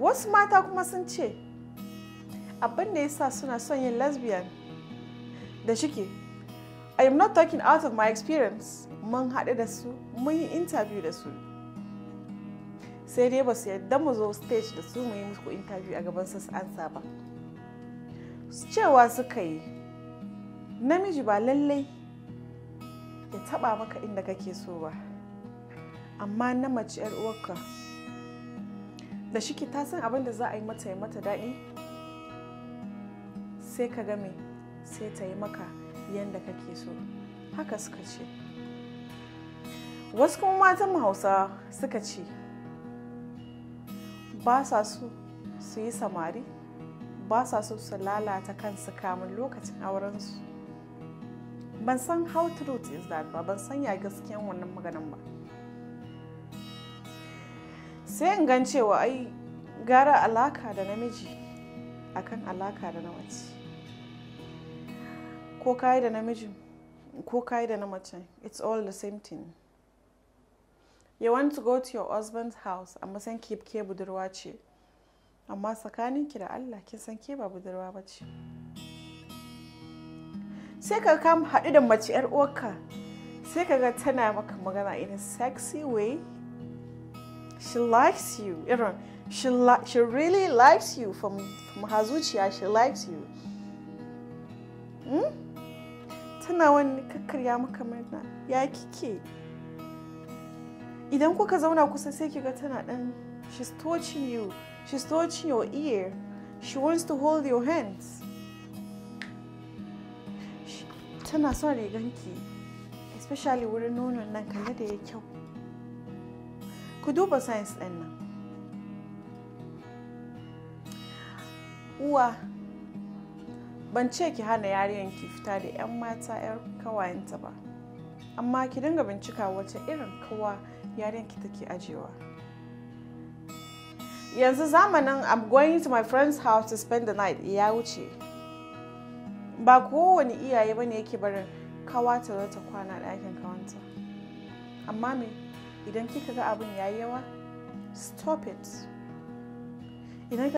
wasu mata kuma sun ce abin da sa suna son yin lesbian da shike i am not talking out of my experience mun haɗu da su mun yi interview da su sai dai ba su yadda mu zo stage da su mu yi musu interview a gaban su ansa ba cewa suka yi namiji ba lallai ya taba maka inda kake so ba amma na mace 'yar uwarka da shi ta san abin da za a yi mata ya mata daɗi sai ka game sai ta yi maka yadda kake so haka suka ce wasu kuma matan hausa suka ce ba sa so su yi samari ba sa so su lalata kansu kamun lokacin aurensu ban san how truth is that ba ban san ya gaskiyan wannan maganin ba sai in gan cewa ai gara alaka da namiji akan alaka da na ko kayi da namijin ko kayi da na it's all the same thing you want to go to your husband's house amma san ke ke budurwa ce amma tsakanin ki da Allah kin san ke ba budurwa ba ce sai ka kam haɗu da mace 'yar uwarka sai ka ga tana maka magana in a sexy way she likes you irin eh, she, li she really likes you from, from her zuciya she likes you hmm? tana wani kakkarya maka murna ya kike idan kuka zauna kusa sai kiga tana dan she's touching you she's touching your ear she wants to hold your hands tana son riganki especially wurin nonon nan kalle da ya kyau ku duba science ɗin nan uwa ban ce ki hana yariyan ki fita da 'yan mata 'yar kawayenta ba amma ki dinga bincika wace irin kawa yariyan ki take ajewa yanzu zamanin i'm going to my friend's house to spend the night ya wuce ba kowane iyaye bane yake barin kawa ta ta kwana ɗakin kawanta amma me idan kika ga abin yayi yawa stop it